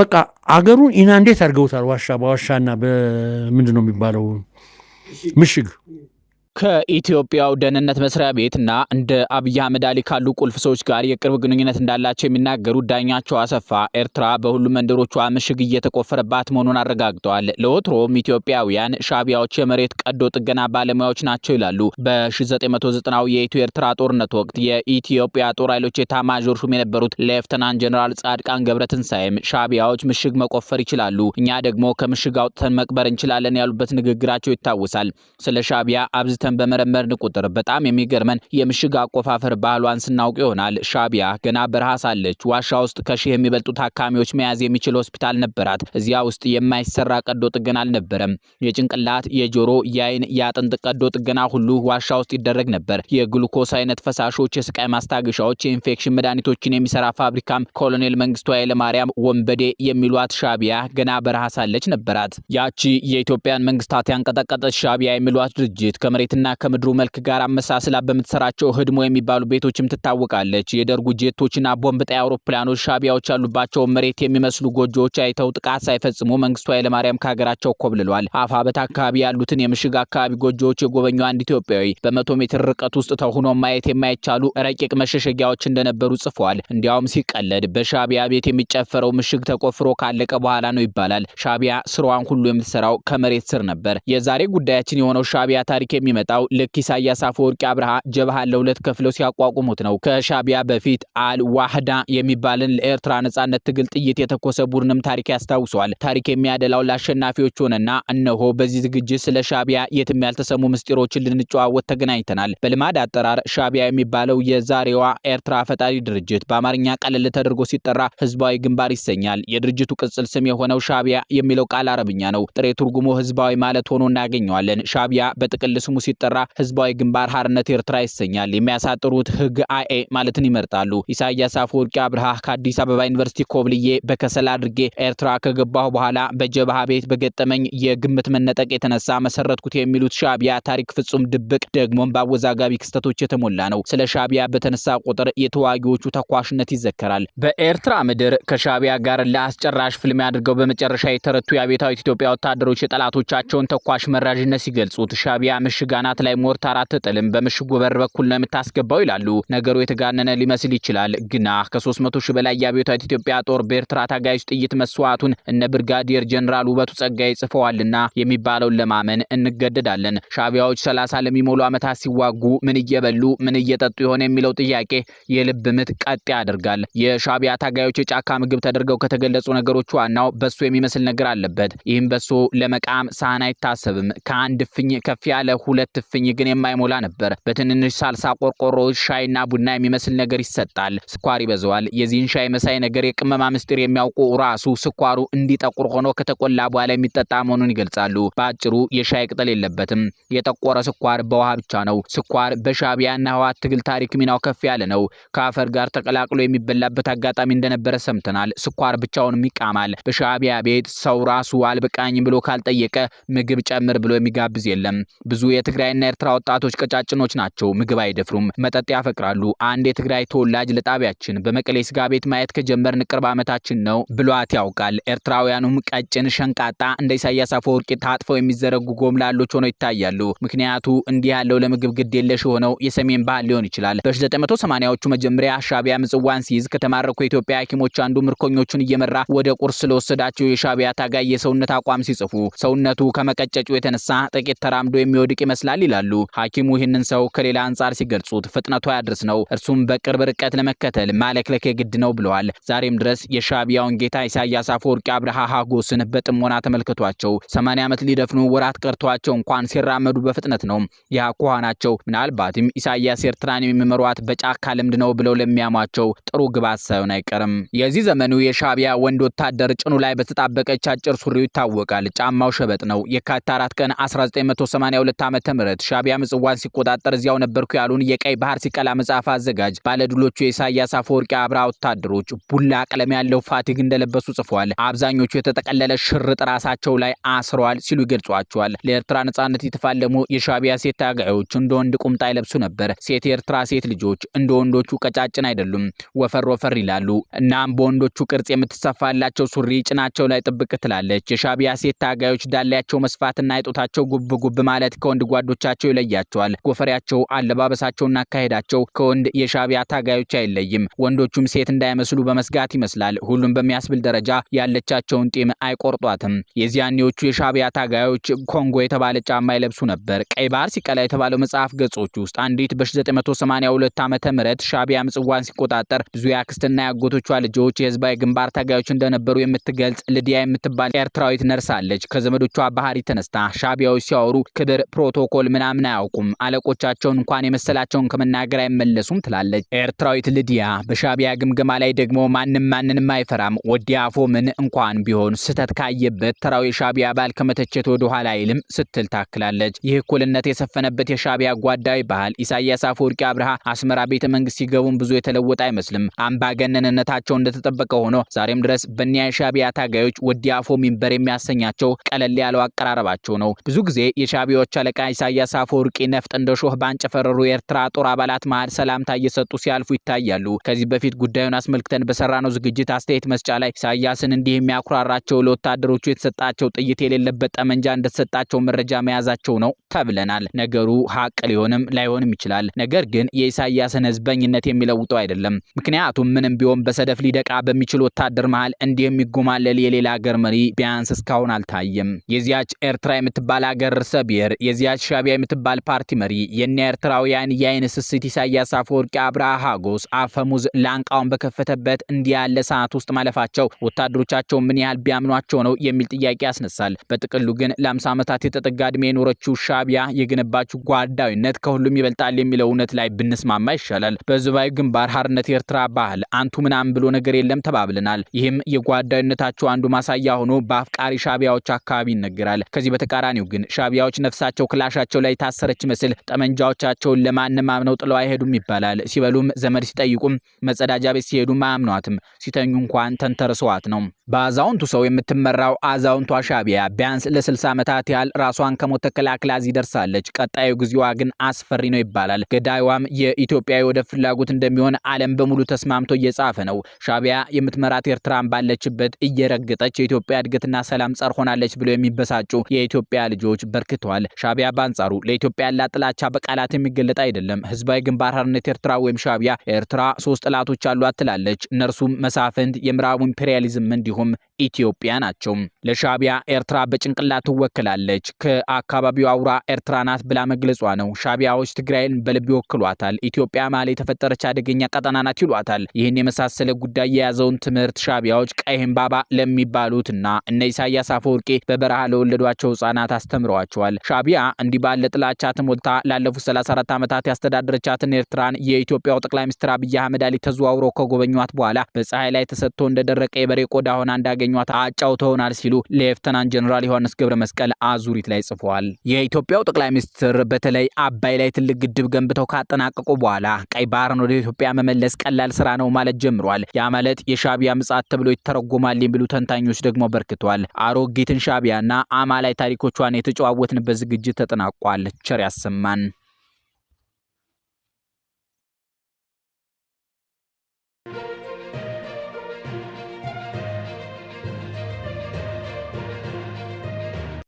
በቃ አገሩን እንዴት አድርገውታል። ዋሻ በዋሻና በምንድን ነው የሚባለው ምሽግ ከኢትዮጵያው ደህንነት መስሪያ ቤትና እንደ አብይ አህመድ አሊ ካሉ ቁልፍ ሰዎች ጋር የቅርብ ግንኙነት እንዳላቸው የሚናገሩት ዳኛቸው አሰፋ ኤርትራ በሁሉም መንደሮቿ ምሽግ እየተቆፈረባት መሆኑን አረጋግጠዋል። ለወትሮም ኢትዮጵያውያን ሻቢያዎች የመሬት ቀዶ ጥገና ባለሙያዎች ናቸው ይላሉ። በ1990 የኢትዮ ኤርትራ ጦርነት ወቅት የኢትዮጵያ ጦር ኃይሎች የታማዦር ሹም የነበሩት ሌፍተናንት ጀኔራል ጻድቃን ገብረትንሳኤም ሻቢያዎች ምሽግ መቆፈር ይችላሉ፣ እኛ ደግሞ ከምሽግ አውጥተን መቅበር እንችላለን ያሉበት ንግግራቸው ይታወሳል። ስለ ሻቢያ አብዝ ገብተን በመረመርን ቁጥር በጣም የሚገርመን የምሽግ አቆፋፈር ባህሏን ስናውቅ ይሆናል። ሻቢያ ገና በረሃ ሳለች ዋሻ ውስጥ ከሺህ የሚበልጡ ታካሚዎች መያዝ የሚችል ሆስፒታል ነበራት። እዚያ ውስጥ የማይሰራ ቀዶ ጥገና አልነበረም። የጭንቅላት፣ የጆሮ፣ የአይን፣ የአጥንት ቀዶ ጥገና ሁሉ ዋሻ ውስጥ ይደረግ ነበር። የግሉኮስ አይነት ፈሳሾች፣ የስቃይ ማስታገሻዎች፣ የኢንፌክሽን መድኃኒቶችን የሚሰራ ፋብሪካም ኮሎኔል መንግስቱ ኃይለማርያም ወንበዴ የሚሏት ሻቢያ ገና በረሃ ሳለች ነበራት። ያቺ የኢትዮጵያን መንግስታት ያንቀጠቀጠች ሻቢያ የሚሏት ድርጅት ከመሬት ቤትና ከምድሩ መልክ ጋር አመሳስላ በምትሰራቸው ህድሞ የሚባሉ ቤቶችም ትታወቃለች። የደርጉ ጄቶችና ቦምብ ጣይ አውሮፕላኖች ሻቢያዎች ያሉባቸው መሬት የሚመስሉ ጎጆዎች አይተው ጥቃት ሳይፈጽሙ መንግስቱ ኃይለማርያም ከሀገራቸው ኮብልሏል። አፋበት አካባቢ ያሉትን የምሽግ አካባቢ ጎጆዎች የጎበኙ አንድ ኢትዮጵያዊ በመቶ ሜትር ርቀት ውስጥ ተሆኖ ማየት የማይቻሉ ረቂቅ መሸሸጊያዎች እንደነበሩ ጽፏል። እንዲያውም ሲቀለድ በሻቢያ ቤት የሚጨፈረው ምሽግ ተቆፍሮ ካለቀ በኋላ ነው ይባላል። ሻቢያ ስራዋን ሁሉ የምትሰራው ከመሬት ስር ነበር። የዛሬ ጉዳያችን የሆነው ሻቢያ ታሪክ የሚመ የሚመጣው ልክ ኢሳያስ አፈወርቂ አብርሃ ጀብሃ ለሁለት ከፍለው ሲያቋቁሙት ነው። ከሻቢያ በፊት አልዋህዳ የሚባልን ለኤርትራ ነጻነት ትግል ጥይት የተኮሰ ቡድንም ታሪክ ያስታውሰዋል። ታሪክ የሚያደላው ለአሸናፊዎች ሆነና እነሆ በዚህ ዝግጅት ስለ ሻቢያ የትም ያልተሰሙ ምስጢሮችን ልንጨዋወት ተገናኝተናል። በልማድ አጠራር ሻቢያ የሚባለው የዛሬዋ ኤርትራ ፈጣሪ ድርጅት በአማርኛ ቀለል ተደርጎ ሲጠራ ህዝባዊ ግንባር ይሰኛል። የድርጅቱ ቅጽል ስም የሆነው ሻቢያ የሚለው ቃል አረብኛ ነው። ጥሬ ትርጉሙ ህዝባዊ ማለት ሆኖ እናገኘዋለን። ሻቢያ በጥቅል ስሙ ሲጠራ ህዝባዊ ግንባር ሀርነት ኤርትራ ይሰኛል። የሚያሳጥሩት ህግ አኤ ማለትን ይመርጣሉ። ኢሳያስ አፈወርቂ አብርሃ ከአዲስ አበባ ዩኒቨርሲቲ ኮብልዬ በከሰል አድርጌ ኤርትራ ከገባሁ በኋላ በጀብሃ ቤት በገጠመኝ የግምት መነጠቅ የተነሳ መሰረትኩት የሚሉት ሻቢያ ታሪክ ፍጹም ድብቅ ደግሞም በአወዛጋቢ ክስተቶች የተሞላ ነው። ስለ ሻቢያ በተነሳ ቁጥር የተዋጊዎቹ ተኳሽነት ይዘከራል። በኤርትራ ምድር ከሻቢያ ጋር ለአስጨራሽ ፍልሚያ አድርገው በመጨረሻ የተረቱ የአቤታዊት ኢትዮጵያ ወታደሮች የጠላቶቻቸውን ተኳሽ መራዥነት ሲገልጹት ሻቢያ ምሽጋ አናት ላይ ሞርታር አትጥልም፣ በምሽጉ በር በኩል ነው የምታስገባው ይላሉ። ነገሩ የተጋነነ ሊመስል ይችላል፣ ግና ከ300 ሺህ በላይ የአብዮታዊት ኢትዮጵያ ጦር በኤርትራ ታጋዮች ጥይት መስዋዕቱን እነ ብርጋዲየር ጀኔራል ውበቱ ጸጋዬ ጽፈዋልና የሚባለውን ለማመን እንገደዳለን። ሻቢያዎች ሰላሳ ለሚሞሉ ዓመታት ሲዋጉ ምን እየበሉ ምን እየጠጡ የሆነ የሚለው ጥያቄ የልብ ምት ቀጥ ያደርጋል። የሻቢያ ታጋዮች የጫካ ምግብ ተደርገው ከተገለጹ ነገሮች ዋናው በሶ የሚመስል ነገር አለበት። ይህም በሶ ለመቃም ሳህን አይታሰብም። ከአንድ ፍኝ ከፍ ያለ ሁለት እትፍኝ ግን የማይሞላ ነበር። በትንንሽ ሳልሳ ቆርቆሮዎች ሻይና ቡና የሚመስል ነገር ይሰጣል። ስኳር ይበዛዋል። የዚህን ሻይ መሳይ ነገር የቅመማ ምስጢር የሚያውቁ ራሱ ስኳሩ እንዲጠቁር ሆኖ ከተቆላ በኋላ የሚጠጣ መሆኑን ይገልጻሉ። በአጭሩ የሻይ ቅጠል የለበትም። የጠቆረ ስኳር በውሃ ብቻ ነው። ስኳር በሻዕቢያና ህወሓት ትግል ታሪክ ሚናው ከፍ ያለ ነው። ከአፈር ጋር ተቀላቅሎ የሚበላበት አጋጣሚ እንደነበረ ሰምተናል። ስኳር ብቻውንም ይቃማል። በሻቢያ ቤት ሰው ራሱ አልበቃኝም ብሎ ካልጠየቀ ምግብ ጨምር ብሎ የሚጋብዝ የለም። ብዙ የት የትግራይና ኤርትራ ወጣቶች ቀጫጭኖች ናቸው። ምግብ አይደፍሩም፣ መጠጥ ያፈቅራሉ። አንድ የትግራይ ተወላጅ ለጣቢያችን በመቀሌ ስጋ ቤት ማየት ከጀመርን ቅርብ ዓመታችን ነው ብሏት ያውቃል። ኤርትራውያኑም ቀጭን ሸንቃጣ እንደ ኢሳያስ አፈወርቂ ታጥፈው የሚዘረጉ ጎምላሎች ሆነው ይታያሉ። ምክንያቱ እንዲህ ያለው ለምግብ ግድ የለሽ የሆነው የሰሜን ባህል ሊሆን ይችላል። በ1980ዎቹ መጀመሪያ ሻቢያ ምጽዋን ሲይዝ ከተማረኩ የኢትዮጵያ ሐኪሞች አንዱ ምርኮኞቹን እየመራ ወደ ቁርስ ለወሰዳቸው የሻቢያ ታጋይ የሰውነት አቋም ሲጽፉ ሰውነቱ ከመቀጨጩ የተነሳ ጥቂት ተራምዶ የሚወድቅ ይመስላል ይመስላል ይላሉ ሐኪሙ። ይህንን ሰው ከሌላ አንጻር ሲገልጹት ፍጥነቱ አያድርስ ነው፣ እርሱም በቅርብ ርቀት ለመከተል ማለክለክ የግድ ነው ብለዋል። ዛሬም ድረስ የሻቢያውን ጌታ ኢሳያስ አፈወርቂ አብርሃ ሀጎስን በጥሞና ተመልክቷቸው 80 ዓመት ሊደፍኑ ወራት ቀርቷቸው እንኳን ሲራመዱ በፍጥነት ነው። ይህ ምናልባትም ኢሳያስ ኤርትራን የሚመሯት በጫካ ልምድ ነው ብለው ለሚያሟቸው ጥሩ ግባት ሳይሆን አይቀርም። የዚህ ዘመኑ የሻቢያ ወንድ ወታደር ጭኑ ላይ በተጣበቀች አጭር ሱሪው ይታወቃል። ጫማው ሸበጥ ነው። የካቲት 4 ቀን 1982 ዓ.ም ምህረት ሻቢያ ምጽዋን ሲቆጣጠር እዚያው ነበርኩ ያሉን የቀይ ባህር ሲቀላ መጽሐፍ አዘጋጅ ባለድሎቹ የኢሳያስ አፈወርቂ አብራ ወታደሮች ቡላ ቀለም ያለው ፋቲግ እንደለበሱ ጽፏል። አብዛኞቹ የተጠቀለለ ሽርጥ ራሳቸው ላይ አስረዋል ሲሉ ይገልጿቸዋል። ለኤርትራ ነጻነት የተፋለሙ የሻቢያ ሴት ታጋዮች እንደ ወንድ ቁምጣ ይለብሱ ነበር። ሴት የኤርትራ ሴት ልጆች እንደ ወንዶቹ ቀጫጭን አይደሉም፣ ወፈር ወፈር ይላሉ። እናም በወንዶቹ ቅርጽ የምትሰፋላቸው ሱሪ ጭናቸው ላይ ጥብቅ ትላለች። የሻቢያ ሴት ታጋዮች ዳላያቸው መስፋትና የጦታቸው ጉብ ጉብ ማለት ከወንድ ጓ ጓዶቻቸው ይለያቸዋል። ጎፈሬያቸው፣ አለባበሳቸውና አካሄዳቸው ከወንድ የሻቢያ ታጋዮች አይለይም። ወንዶቹም ሴት እንዳይመስሉ በመስጋት ይመስላል ሁሉም በሚያስብል ደረጃ ያለቻቸውን ጢም አይቆርጧትም። የዚያኔዎቹ የሻቢያ ታጋዮች ኮንጎ የተባለ ጫማ ይለብሱ ነበር። ቀይ ባህር ሲቀላ የተባለው መጽሐፍ ገጾች ውስጥ አንዲት በ1982 ዓ ም ሻቢያ ምጽዋን ሲቆጣጠር ብዙ የአክስትና የአጎቶቿ ልጆች የህዝባዊ ግንባር ታጋዮች እንደነበሩ የምትገልጽ ልዲያ የምትባል ኤርትራዊት ነርሳለች። ከዘመዶቿ ባህሪ ተነስታ ሻቢያዎች ሲያወሩ ክብር ፕሮቶ ፕሮቶኮል ምናምን አያውቁም። አለቆቻቸውን እንኳን የመሰላቸውን ከመናገር አይመለሱም ትላለች ኤርትራዊት ልዲያ በሻቢያ ግምገማ ላይ ደግሞ ማንም ማንንም አይፈራም። ወዲ ምን እንኳን ቢሆን ስህተት ካየበት ተራው የሻቢያ አባል ከመተቸት ወደ ኋላ አይልም ስትል ታክላለች። ይህ እኩልነት የሰፈነበት የሻቢያ ጓዳዊ ባህል ኢሳያስ አፈወርቂ አብርሃ አስመራ ቤተ መንግስት ሲገቡም ብዙ የተለወጠ አይመስልም። አምባገነንነታቸው እንደተጠበቀ ሆኖ ዛሬም ድረስ በእኒያ የሻቢያ ታጋዮች ወዲ ሚንበር የሚያሰኛቸው ቀለል ያለው አቀራረባቸው ነው። ብዙ ጊዜ የሻቢያዎች አለቃ ኢሳያስ አፈወርቂ ነፍጥ እንደ ሾህ ባንጨፈረሩ የኤርትራ ጦር አባላት መሀል ሰላምታ እየሰጡ ሲያልፉ ይታያሉ። ከዚህ በፊት ጉዳዩን አስመልክተን በሰራነው ዝግጅት አስተያየት መስጫ ላይ ኢሳያስን እንዲህ የሚያኩራራቸው ለወታደሮቹ የተሰጣቸው ጥይት የሌለበት ጠመንጃ እንደተሰጣቸው መረጃ መያዛቸው ነው ተብለናል። ነገሩ ሀቅ ሊሆንም ላይሆንም ይችላል። ነገር ግን የኢሳያስን ህዝበኝነት የሚለውጠው አይደለም። ምክንያቱም ምንም ቢሆን በሰደፍ ሊደቃ በሚችል ወታደር መሃል እንዲህ የሚጎማለል የሌላ ሀገር መሪ ቢያንስ እስካሁን አልታየም። የዚያች ኤርትራ የምትባል ሀገር ርዕሰ ብሔር፣ የዚያች ሻቢያ የምትባል ፓርቲ መሪ የነ ኤርትራውያን የአይን ስስት ኢሳያስ አፈወርቂ አብርሃ ሀጎስ አፈሙዝ ላንቃውን በከፈተበት እንዲህ ያለ ሰዓት ውስጥ ማለፋቸው ወታደሮቻቸው ምን ያህል ቢያምኗቸው ነው የሚል ጥያቄ ያስነሳል። በጥቅሉ ግን ለ50 ዓመታት የተጠጋ እድሜ የኖረችው ሻቢያ የገነባችው ጓዳዊነት ከሁሉም ይበልጣል የሚለው እውነት ላይ ብንስማማ ይሻላል። በህዝባዊ ግንባር ሀርነት ኤርትራ ባህል አንቱ ምናምን ብሎ ነገር የለም ተባብለናል። ይህም የጓዳዊነታቸው አንዱ ማሳያ ሆኖ በአፍቃሪ ሻቢያዎች አካባቢ ይነገራል። ከዚህ በተቃራኒው ግን ሻቢያዎች ነፍሳቸው ክላሻ በአይኖቻቸው ላይ ታሰረች መስል ጠመንጃዎቻቸውን ለማንም አምነው ጥለው አይሄዱም ይባላል። ሲበሉም ዘመድ ሲጠይቁም መጸዳጃ ቤት ሲሄዱም አያምኗትም። ሲተኙ እንኳን ተንተርሰዋት ነው። በአዛውንቱ ሰው የምትመራው አዛውንቷ ሻቢያ ቢያንስ ለ60 ዓመታት ያህል ራሷን ከሞት ተከላክላ እዚህ ደርሳለች። ቀጣዩ ጊዜዋ ግን አስፈሪ ነው ይባላል። ገዳይዋም የኢትዮጵያ የወደብ ፍላጎት እንደሚሆን ዓለም በሙሉ ተስማምቶ እየጻፈ ነው። ሻቢያ የምትመራት ኤርትራን ባለችበት እየረገጠች የኢትዮጵያ እድገትና ሰላም ጸር ሆናለች ብለው የሚበሳጩ የኢትዮጵያ ልጆች በርክተዋል። ሻቢያ በአንጻሩ ለኢትዮጵያ ያላት ጥላቻ በቃላት የሚገለጥ አይደለም። ህዝባዊ ግንባር ሓርነት ኤርትራ ወይም ሻቢያ ኤርትራ ሶስት ጥላቶች አሏት ትላለች። እነርሱም መሳፍንት፣ የምዕራቡ ኢምፔሪያሊዝም እንዲሁም ኢትዮጵያ ናቸው። ለሻቢያ ኤርትራ በጭንቅላት ትወክላለች፣ ከአካባቢው አውራ ኤርትራ ናት ብላ መግለጿ ነው። ሻቢያዎች ትግራይን በልብ ይወክሏታል፣ ኢትዮጵያ መሀል የተፈጠረች አደገኛ ቀጠና ናት ይሏታል። ይህን የመሳሰለ ጉዳይ የያዘውን ትምህርት ሻቢያዎች ቀይ ህንባባ ለሚባሉትና እነ ኢሳያስ አፈወርቄ በበረሃ ለወለዷቸው ህጻናት አስተምረዋቸዋል። ሻቢያ እንዲህ ባለ ጥላቻ ተሞልታ ላለፉት 34 ዓመታት ያስተዳደረቻትን ኤርትራን የኢትዮጵያው ጠቅላይ ሚኒስትር አብይ አህመድ አሊ ተዘዋውሮ ከጎበኟት በኋላ በፀሐይ ላይ ተሰጥቶ እንደደረቀ የበሬ ቆዳ ሆና እንዳገኘ እንዳገኟት አጫውተውናል ሲሉ ሌፍተናንት ጀኔራል ዮሐንስ ገብረ መስቀል አዙሪት ላይ ጽፈዋል። የኢትዮጵያው ጠቅላይ ሚኒስትር በተለይ አባይ ላይ ትልቅ ግድብ ገንብተው ካጠናቀቁ በኋላ ቀይ ባህርን ወደ ኢትዮጵያ መመለስ ቀላል ስራ ነው ማለት ጀምሯል። ያ ማለት የሻቢያ ምጻት ተብሎ ይተረጎማል የሚሉ ተንታኞች ደግሞ በርክቷል። አሮጊትን ሻቢያና አማላይ ታሪኮቿን የተጨዋወትንበት ዝግጅት ተጠናቋል። ቸር ያሰማን።